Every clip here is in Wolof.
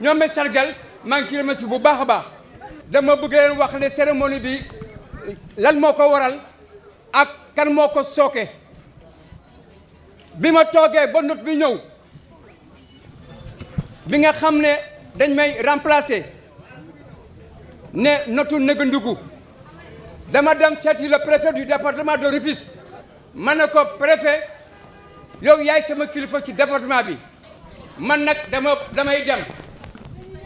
ñoom ma sargal maa ngi ciy remercier bu baax a baax dama bëgg leen wax né cérémonie bi lan moko waral ak kan moko ko bima togué ma toogee ba note bi ñëw bi nga xamné dañ may remplacer né notu Négandougou dama dem séti le préfet du département de Rufisque manako préfet yow yaay sama kilifa ci département bi man nak dama damay jam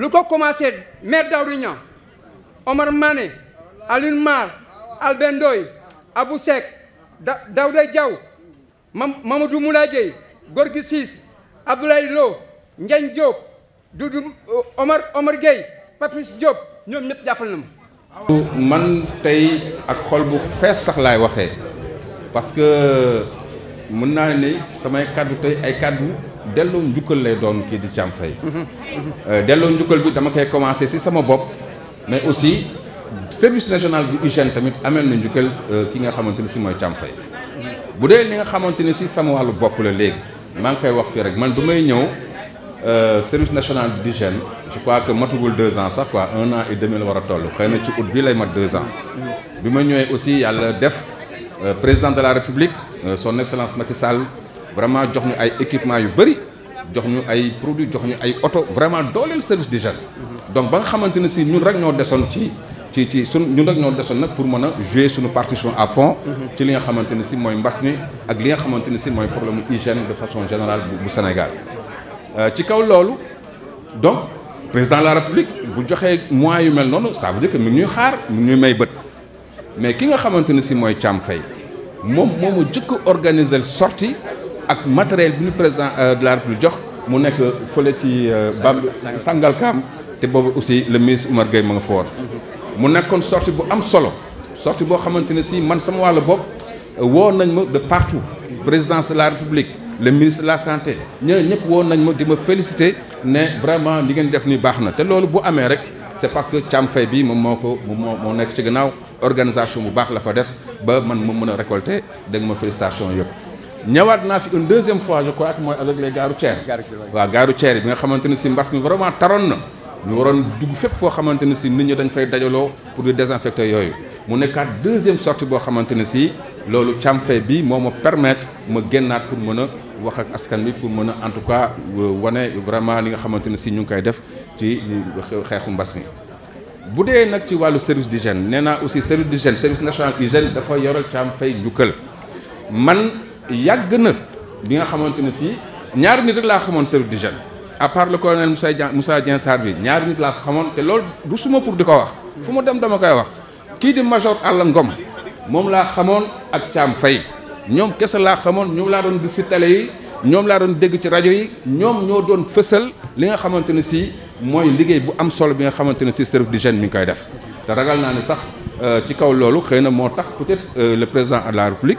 lu ko commencé maire Daouda Niang Omar Mané Alioune Mar Albert Ndoye Abou Seck da Daouda Diaw mam Mamadou Moulay gor Gorgui Ciss Abdoulaye Lo Ndiagne Diop Doudou euh, Omar Omar Gueye Papis Diop ñoom ñëpp jàppal na man tey ak xool bu fees sax laay waxee parce que mën naa samay kàddu tey ay kàddu delloo njukkal lay doon kii di Thiam Faye euh, delloo njukkal bi dama koy commencé si sama bopp mais aussi service national bu hygiène tamit amel na njukkal euh, ki nga xamanteni ci si mooy Thiam bu dee li nga xamante ni sama wàllu bop la léegi maa ngi koy wax fi rek man bu may ñëw euh, service national d'hygiène je crois que matugul 2 ans sax quoi 1 an et demi la wara tollu xeyna ci août bi lay mat 2 ans bima ñewé aussi yalla def président de la république son excellence Macky Sall vraiment jox ñu ay équipement yu bari jox ñu ay produits jox ñu ay auto vraiment dooleel service des jeunes donc ba nga xamante si ñun rek ñoo déssone ci ci ci ñun rek ñoo déssone nak pour mëna jouer suñu partition à fond ci li nga xamante ne si mooy mbas ak li nga xamante ne si mooy problème hygiène de façon générale bu Sénégal euh, ci kaw lolu donc président de la république bu joxé mois yu mel non ça veut dire que ñuy xaar ñuy may bët mais ki nga xamante ne si mooy Thiam Faye moom moo ma organiser sortie ak matériel bi ñu président euh, de la République jox mu nek feulé ci euh, sangal kam té bob aussi le ministre Oumar Gueye ma nga fa mu nekkoon sortie bu am solo sortie bo xamante si man sama wala bopp euh, wo nañ ma de partout présidence de la République le ministre de la santé ñeneen ñëpp woon nañ ma di ma féliciter né vraiment li ngeen def ni baxna té lolu bu amé rek c'est parce que cham fay bi mom moko mo nek ci gannaaw organisation bu baax la fa def ba man mo meuna récolter dégg ma félicitation yépp ñëwaat naa fi une deuxième fois je crois que mooy avec les gaaru Thier waaw gaaru Thier bi nga xamante ne si mbas mi vraiment taroon na ñu waroon dugg fépp foo xamante ne si nit ñi dañ fay dajaloo pour di désinfecter yooyu mu nekkaat deuxième sortie boo xamante ne si loolu càmfe bi moo ma permettre ma génnaat pour mën a wax ak askan bi pour mën a en tout cas euh, wane vraiment li nga xamante ne si ñu ngi koy def ci xeexu mbas mi bu dee nag ci wàllu service d'hygiène nee naa aussi service d'hygiène service national d'hygiène dafa yoral càmfe njukkal man yàgg na bi nga xamante ne si ñaari nit rek laa xamoon service d'hygiène à part le colonel Moussa Dieng musa Dieng Sarr bi ñaari nit laa xamoon te lool du suma pour di ko wax. fu ma dem dama koy wax kii di major Alla Ngom moom laa xamoon ak caam Faye ñoom kese laa xamoon ñoom laa doon gis si télé yi ñoom laa doon dégg ci rajo yi ñoom ñoo doon fësal li nga xamante ne si mooy liggéey bu am solo bi nga xamante ne si service d'hygiène ñu ngi koy def te ragal naa ne sax euh, ci kaw xëy na moo tax peut euh, le président de la République.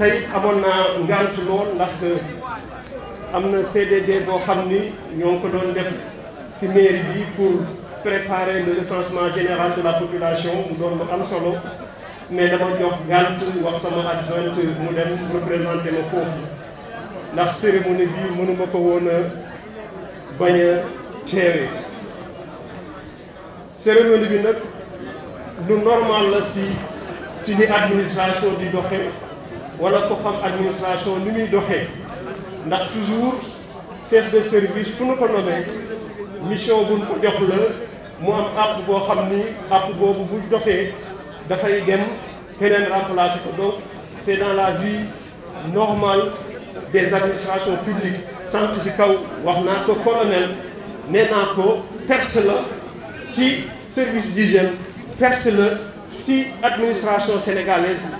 tay it amoon ngant lool ndax euh, am na CDD bo xamni ñoo ko doon def ci mairie bi pour préparer le recensement général de la population mu doon lu am solo mais dama jox ngant wax sama adjointe mu dem représenter ma foofu ndax cérémonie bi mënuma ko woon a bañ a cérémonie bi nag lu normal la ci ci ni administration di doxee wala ko xam administration ni muy doxee ndax toujours chef de service fu nu ko nomee mission buñ ko jox la mu am app boo xam ni àpp boobu bu doxee dafay dem keneen remplacer ko donc c'est dans la vie normale des administrations publiques sant si kaw wax naa ko colonel nee naa ko perte la si service d'hygiène perte la si administration sénégalaise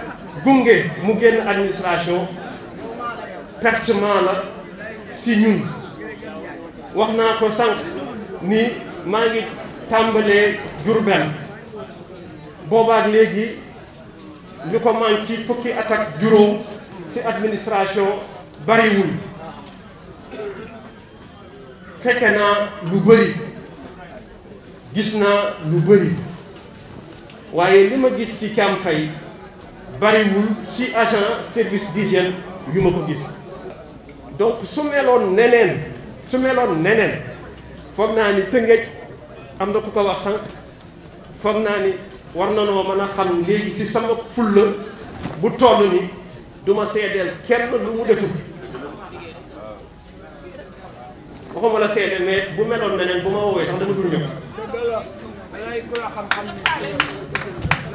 gunge mu génn administration pertement la si ñun wax naa ko sànq ni maa ngi tàmbalee Diourbel boobaak léegi ñu ko man ci fukki at ak juróom si administration bariwul fekke naa lu bëri gis naa lu bëri waaye li ma gis ci Thiam Faye bariwul ci agent service d'hygiène yu ma ko gis donc su meloon neneen su meloon neneen foog naa ni tëngëj am na ku ko wax sànq foog naa ni war na noo mën a xam léegi ci sama fulla bu toll ni du ma seedeel kenn lu mu deful waxuma la seede mais bu meloon neneen bu ma woowee sax dama dul ñëw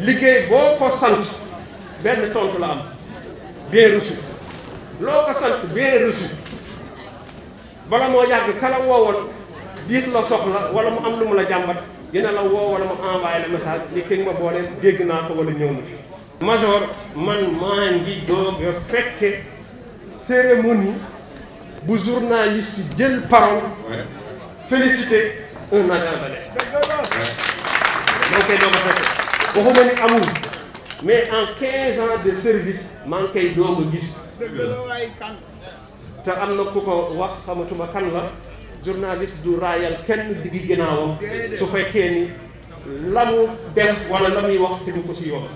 liggéey boo ko sant benn tontu la am bien reçu loo ko sant bien reçu bala moo yàgg kala woowoon diis la soxla wala mu am lu mu la jàmbat dina la woo mu envoyé message ni ki ma boole dégg naa ko wala ñëw na fi. major man maa ngi doog a fekke cérémonie bu journaliste jël parole féliciter un agent de waxuma ne amul mais en 15 de service maa ngi koy doog a gis. te am na ku ko wax xamatuma kan la journaliste du raayal kenn diggi ginnaawam su fekkee ni la def wala la muy wax tegu ko ci yoon.